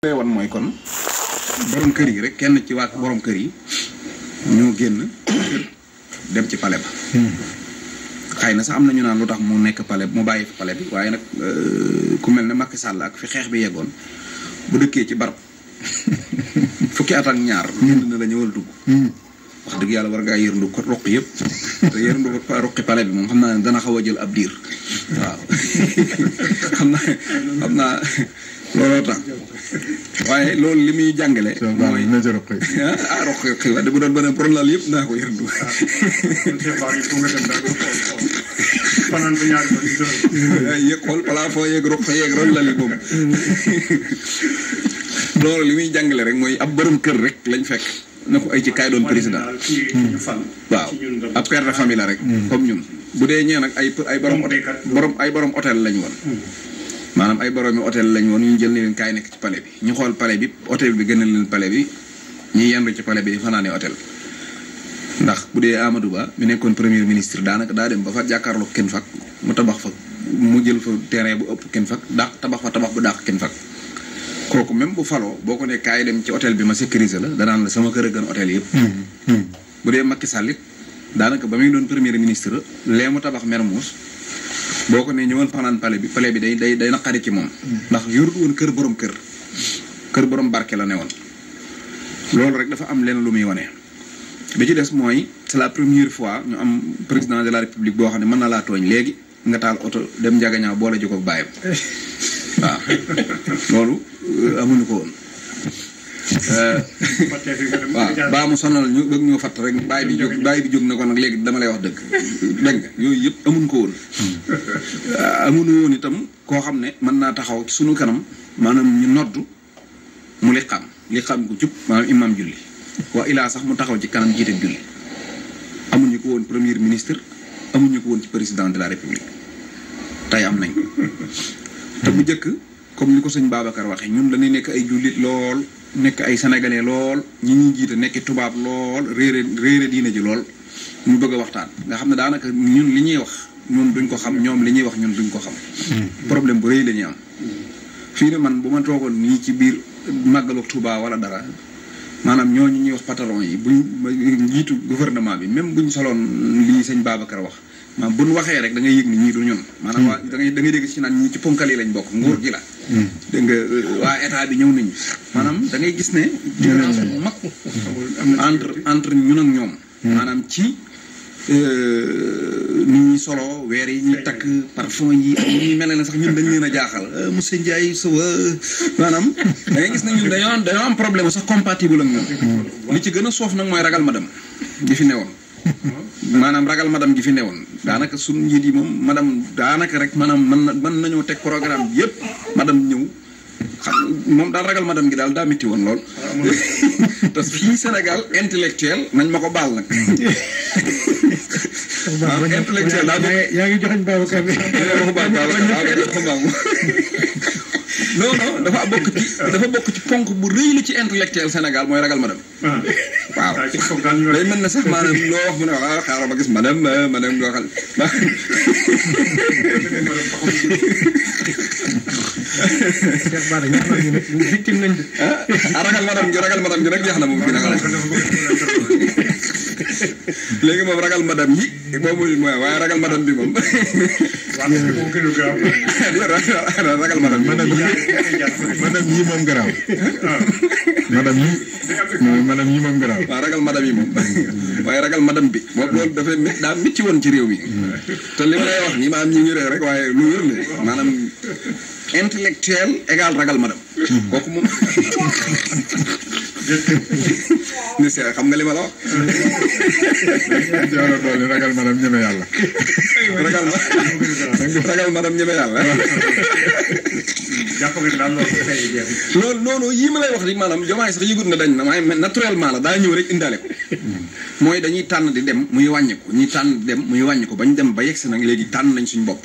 lee wan mooy kon boroom kër yi rek kenn ci waa boroom kër yi ñoo génn dem ci pale ba xëy na sax am na ñu naan lu tax mu nekk pale bi mu bàyyi fi palais bi waaye nag euh, ku mel ne Macky Sall ak fi xeex bi yegoon bu dëkkee ci barab fukki at ak ñaar ñënd na la ñëwal dugg wax dëgg yàlla war ngaa yërndu ko roq yëpp te yërndu ko roqi pale bi moom xam naa ne dana xaw a jël ab diir waaw xam naa xam naa looloo tax waaye loolu li muy jàngale. mooy na jërëjëf ah, ah, xëy na ah roq yëpp naa ko yërëndu. fanaan ah. ba ñaari fan. yëg xool balaa foo yëg roq yëg roñ lali boobu. muy jàngale rek mooy ab borom kër rek lañ fekk. na ko ay ci kaay doon président. Hmm. waaw ab père de famille la rek. Hmm. comme ñun bu dee ñee nag ay ay borom. ay borom ay borom hôtel lañ woon. Hmm. maanaam ay boroomi hôtel lañ woon ñu jël ne leen kaay nekk ci palais bi ñu xool palais bi hôtel bi gën a leen palais bi ñu yendu ci palais bi fanaane hôtel ndax bu dee Amadou Ba mi nekkoon premier ministre daanaka daa dem ba fa jàkkaarloo kenn fag mu tabax fa mu jël fa terrain bu ëpp kenn fag dàq tabax fa bu dàq kenn fag kooku même bu faloo boo ko ne kaay dem ci hôtel bi ma sécuriser la danaan sama kër a gën hôtel yëpp hmm, hmm. bu dee daanaka ba muy doon premier ministre lee mu tabax Mermoz boo ko nee ñëwal fanaan pale bi pale bi day day day naqari ci moom. ndax yorut woon kër borom kër. kër borom barke la ne woon loolu rek dafa am leen lu muy wane. bi ci des mooy c'est la première fois ñu am président de la république boo xam ne mën na laa tooñ léegi nga taal oto dem njagañaaw boole jikko bàyyam waaw loolu euh, amuñu ko woon. waaw euh, baa mu sonal ñu bëgg ñoo fatt rek bàyyi bi jóg bàyyi bi jóg na ko nag léegi dama lay wax dëgg dégg nga yooyu yëpp amuñ ko woon euh, amunu woon itam koo xam ne mën naa taxaw ci kanam maanaam ñu noddu mu liqaam liqaam ko jub maanaam imam julli waa ilaa sax mu taxaw ci kanam jiite julli amuñu ko woon premier ministre amuñu ko woon ci président de la république tey am nañ te bu njëkk comme ni ko sëñ Babacar waxee ñun dañuy nekk ay jullit lool nekk ay sénégalais lool ñi ñuy jiita nekki tubaab lool réere réere diine ji lool ñu bëgg a waxtaan nga xam ne daanaka ñun li ñuy wax ñoom duñ ko xam ñoom li ñuy wax ñun duñ ko xam hmm. problème bu rëy la am fii ne man bu ma toogoon nii ci biir màggalu Tuubaa wala dara maanaam ñoo ñu ñuy wax patron yi buñ njiitu gouvernement bi même buñ soloon lii sëñ Babacar wax maanaam bu nu waxee rek da ngay yëg ni ñii du ñun. maanaam waa da ngay da dégg si naan ñii ci ponkal yi lañ bokk nguur gi la. Mm. dégg nga euh, waa état bi ñëw nañu. maanaam da ngay gis ne. différence bu mag. Mm. entre entre ñun ak ñoom. Mm. maanaam ci euh, ni solo weer yi ñuy takk parfum yi ak ñu mel ne sax ñun dañ leen a jaaxal euh, monsieur Ndiaye suba maanaam da ngay gis ne ñun dañoo am dañoo am problème sax compatible ak ñoom. li ci gën a soof nag mooy ragal ma dem. di fi ne woon maanaam ragal madame gi fi newoon daanaka suñu njiit yi moom madame daanaka rek maanaam man na mën nañoo teg programme bi yëpp madame ñëw xa moom daal ragal madame gi daal daa métti woon lool. te fii Sénégal intellectuel nañ ma ko baal nag. Ah, intellectuel daa yaa ngi joxañ Babacar bi. non non dafa bokk dafa bokk ci ponk bu rëy la ci intellectuel Sénégal mooy ragal madame. waaw ah, day mel ne sax maanaam loo wax mu ne waaw ah, xaaral ma gis madame ah, madame loo xam ne. victime nañ ragal madame gi ragal madame gi rek jeex na moom. léegi moom ragal madame yi moom waaye ragal madame bi moom. ragal madame yi. madame yi moom garaaw. madame yi. madame yi moom garaaw. ragal madame yi moom waaye ragal madame bi. moom loolu dafay daa métti woon ci réew mi. li ma wax nii ma am ñu rek waaye lu wér la maanaam intellectuel égal ragal madame. Hmm. kooku moom. monsieur xam nga li ma la wax. jaara ragal madam ñeme yàlla. ragal ma ragal madam ñeme yàlla. jàpp nga daal loolu yii ma lay wax rek maanaam jomaay sax yëgut na dañ na waaye naturellement la daa ñëw rek indaale ko. mooy dañuy tànn di dem muy wàññi ko ñuy tànn di dem muy wàññi ko bañ dem ba yegsi nag léegi tànn nañ suñu bopp.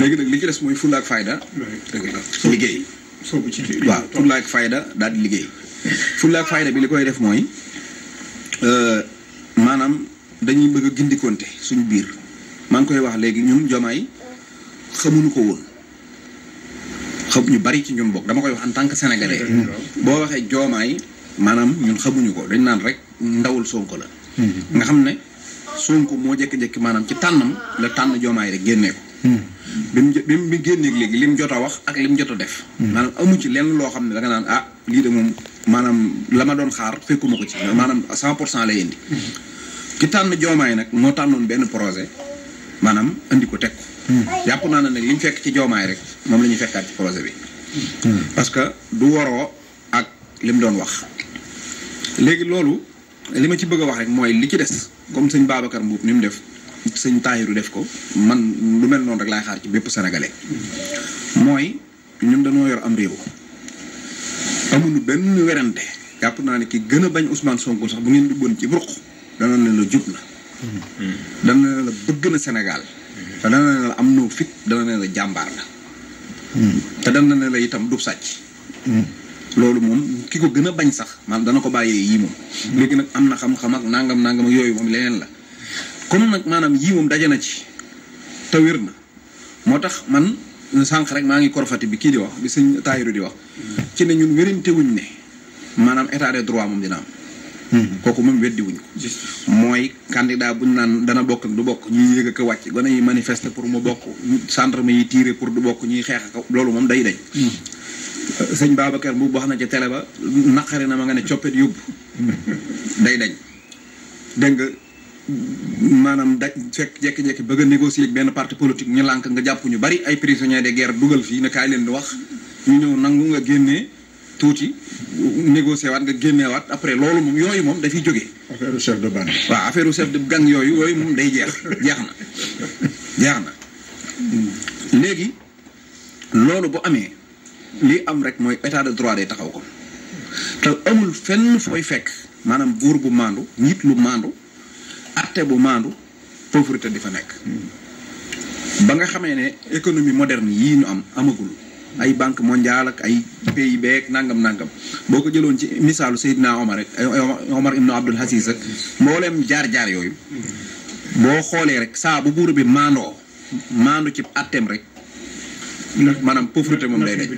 léegi nag li ci des mooy fulla ak fayda. liggéey. waa ci waaw fulla ak fayda daal di liggéey. fulla ak fayda bi li koy def mooy euh, maanaam dañuy bëgg a gindikonte suñu biir maa ngi koy wax léegi ñun jomaay xamuñu ko woon xam ñu bari ci ñun bokk dama koy wax en tant que sénégalais. Mm-hmm. Mm-hmm. boo waxee joomaay maanaam ñun xamuñu ko dañ naan rek ndawul sonko la. Mm-hmm. nga xam ne ko moo jékki-jékki maanaam ci tànnam la tànn joomaay rek génnee ko. bi mu bi mu génnee léegi lim jot a wax ak lim jot a def. maanaam amu ci lenn loo xam ne danga naan ah lii de moom. maanaam la ma doon xaar fekkuma ko ci maanaam cent pour cent lay indi ki tànn joomaay nag moo tànnoon benn projet maanaam indi ko teg ko jàpp naa ne nag li ñu fekk ci joomaay rek moom la ñuy fekkaat ci projet bi parce que du waroo ak li doon wax léegi loolu li ma ci bëgg a wax rek mooy li ci des comme sëñ Babacar Mbuub ni mu def sëñ Taahiru def ko man lu mel noonu rek lay xaar ci bépp sénégalais mooy ñun dañoo yor am réew amunu benn wérante japp na ni ki gëna banyak bañ Ousmane Sonko sax bu ngeen duggoon ci bruq da na la jub na la bëgg na Sénégal da na la am no fit da na la jambar na ta da na la itam du sacc lolu mom kiko gëna bañ sax da na ko bàyyee yi mom léegi nak amna xam-xam ak nangam nangam yoy mom leneen la kon nak manam yi mom ci man sànq rek maa ngi korfati bi kii di wax bi sëñ Tayiru di wax. ci ne ñun wérante wuñ ne maanaam état de droit moom dina am. Mm-hmm. kooku moom weddi wuñ ko. mooy candidat buñ naan dana bokk du bokk ñuy yéeg ak a wàcc gone yi manifester pour mu bokk gendarme yi tiire pour du bokk ñuy xeex ak loolu moom day day mm-hmm. sëñ Babacar bu wax na ca télé ba naqari na ma nga ne coppet yóbbu. Mm-hmm. day dañ dégg manam daj jek jek jekki bëgg négocier ak ben parti politique ñu lank nga jàpp ñu bari ay prisonniers de guerre duggal fi ne kay leen di wax ñu ñew nangu nga génné touti négocier wat nga génné wat après lolu mom yoy mom da fi joggé affaire chef de bande wa affaire chef de gang yoy yoy mom day jeex jeexna jeexna légui lolu bu amé li am rek moy état de droit day taxaw ko taw amul fenn foy fekk manam buur bu maandu njiit lu maandu. atte bu maandu pauvreté di fa nekk ba nga xamee ne économie moderne yii nu am amagul ay banque mondiale ak ay PIB ak nangam nangam boo ko jëloon ci misaalu Seydina Omar rek Omar ibnu Abdul Aziz ak mboolem jaar-jaar yooyu boo xoolee rek saa bu buur bi maandoo maandu ci atteem rek maanaam pauvreté moom day dañ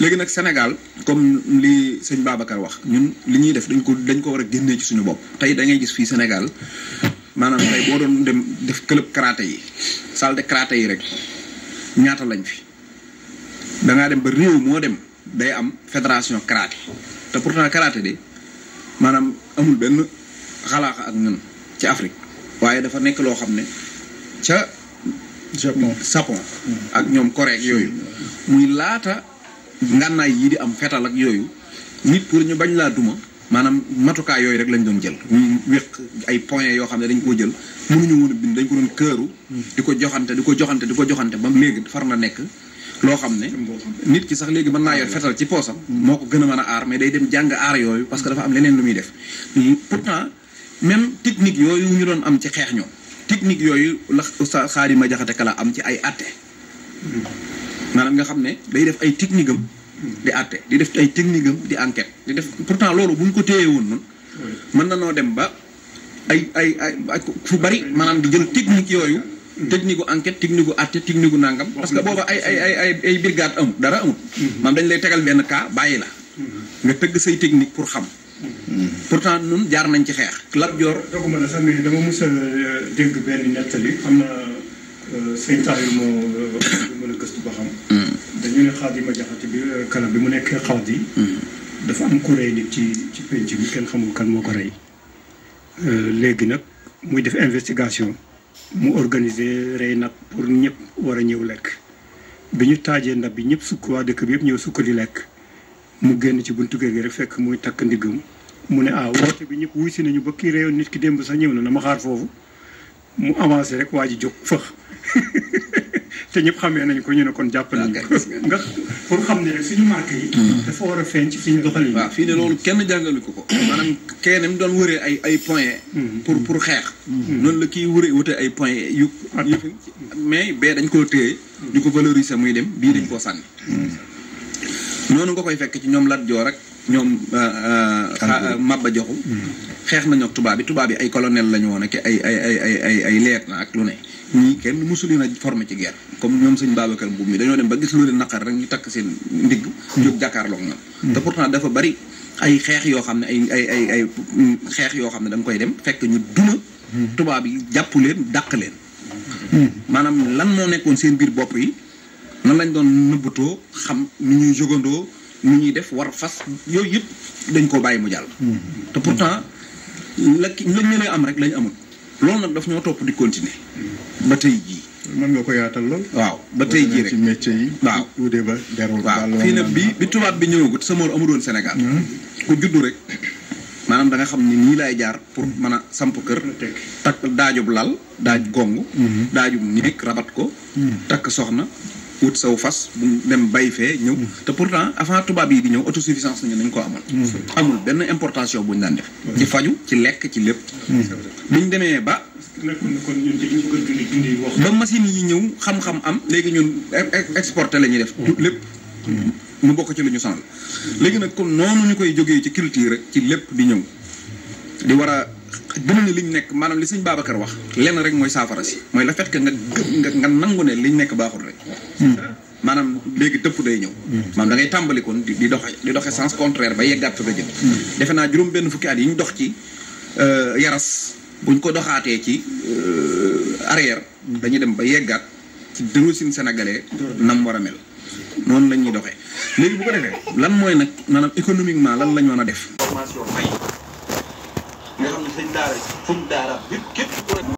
léegi nag Sénégal comme li sëñ Babacar wax ñun li ñuy def dañ ko dañ ko war a génnee ci suñu bopp tey da ngay gis fii Sénégal maanaam tey boo doon dem def club karaté yi salle de karaté yi rek ñaata lañ fi dangaa dem ba réew moo dem day am fédération karaté te pour pourtant karaté de maanaam amul benn xalaaxa ak ñun ci Afrique waaye dafa nekk loo xam ne ca Japon Japon ak ñoom Corée yooyu muy laata ngànnaay yii di am fetal ak yooyu nit pour ñu bañ laa duma maanaam matukaay yooyu rek lañ doon jël mu wéq ay point yoo xam ne dañ koo jël mënuñu woon bind dañ ko doon këru di ko joxante di ko joxante di ko joxante ba léegi far na nekk loo xam ne nit ki sax léegi mën naa yor fetal ci poosam moo ko gën a mën a aar mais day dem jàng aar yooyu parce que dafa am leneen lu muy def pour temps même technique yooyu ñu doon am ci xeex ñoom technique yooyu la oustaz Xaarima Jaxate kalaa am ci ay atte maanaam nga xam ne day def ay technique am di atte di def ay technique di enquête di def pour pourtant loolu bu ñu ko téyee woon noonu mën na noo dem ba ay ay ay fu bari maanaam di jël technique yooyu technique gu enquête technique gu atte technique gu nàngam parce que booba ay ay ay ay ay dara amul maanaam dañ lay tegal benn kaa bàyyi la nga tëgg say technique pour xam pour pourtant ñun jaar nañ ci xeex. Lat Joor. doguma la sax mais dama mës a euh, dégg benn nettali xam na euh, sëñ Taayir euh, a gëstu ba xam. Mm. dañu ne Xaadima Jaxate bi kanam bi mu nekkee xaadi. Mm. dafa am ku rey nit ci ci penc bi kenn xamul kan moo ko rey. léegi nag muy def investigation. mu organiser rey nag pour ñëpp war a ñëw lekk. bi ñu taajee ndab bi ñëpp sukk waa dëkk bi yëpp ñëw sukk di lekk. mu génn ci buntu kër gi rek fekk muy takk ndiggam mu ne ah woote bi ñëpp wuy si nañu ba kii réew nit ki démb sax ñëw na na ma xaar foofu mu avancé rek waa ji jóg fëx te ñëpp xamee nañu ko ñu ne jàpp nañu ko nga pour xam ne suñu marque yi. Hmm. dafa war a feeñ suñu doxalin yi. waaw fii de loolu kenn jàngale ko ko. maanaam kenn mu doon wëree ay ay points. Hmm. pour pour xeex. Hmm. noonu la kii wëree wute ay points yu. mais bee dañ koo téye. di ko valoriser muy dem bii dañ koo sànni. noonu nga koy fekk ci ñoom Lat rek ak ñoom euh, euh, euh, Mabba Joxu mm. xeex nañu ak tubaab bi tubaab yi ay colonel lañu woon ak ay ay ay ay leet na ak lu ne ñii kenn mosu leen a formé ci guerre comme ñoom sëñ Babacar Mbuub mi dañoo dem ba gis lu leen naqar rek ñu takk seen ndigg mm. jóg jàkkaarloog na mm. te pourtant dafa bari ay xeex yoo xam ne ay ay ay ay xeex yoo xam ne da koy dem fekk ñu duma tubaab yi jàppu leen dàq leen maanaam lan moo nekkoon seen biir bopp yi nan lañ doon nëbbutoo xam ni ñuy jogando ni ñuy def war fas yoy yëpp dañ ko bayyi mu jall mm-hmm. te pourtant la ñu ñenee am rek lañ amul lool nak daf ñoo top di continuer ba tay ji man nga ko yaatal lool waaw ba tay ji rek ci métier yi waaw dé ba derul lool fi nag bi bi tubaab bi ñëwugut sa moor amuloon sénégal mm-hmm. ku juddu rek manam da nga xam ni nii lay jaar pour mëna samp kër tak daajub lal daaj gong mm-hmm. daajub nik rabat ko tak soxna ut saw fas bu dem bay fee ñëw te pourtant avant tubaab yi di ñëw autosuffisance nañu nañ ko amal amul benn importation buñ daan def mm. ci faju ci lekk ci lépp mm. ñu demee ba ba machine yi ñëw xam-xam am léegi ñun exporté la ñuy def lépp mm. mu bokk ci lu ñu sonal léegi nag ko noonu ñu koy jógee ci culture ci lépp di ñëw di war gëm ne liñ nekk maanaam li sëñ Babacar wax lenn rek mooy saafara si mooy la fait que nga nga nangu ne liñ nekk baaxul rek. Hmm. maanaam léegi dëpp day ñëw. Hmm. maanaam da ngay tàmbali kon di doxe di doxe sens contraire ba yeggaat fa nga jëm. Hmm. defe naa juróom benn ñu dox ci euh, buñ ko doxaatee ci euh, arrière. dañuy dem ba yeggaat ci dërësine sénégalais. nam war a mel noonu la ñuy doxee. léegi bu ko defee lan mooy nag maanaam économiquement lan la ñu mën a def. nga xam ne sëñ daara fu mu daara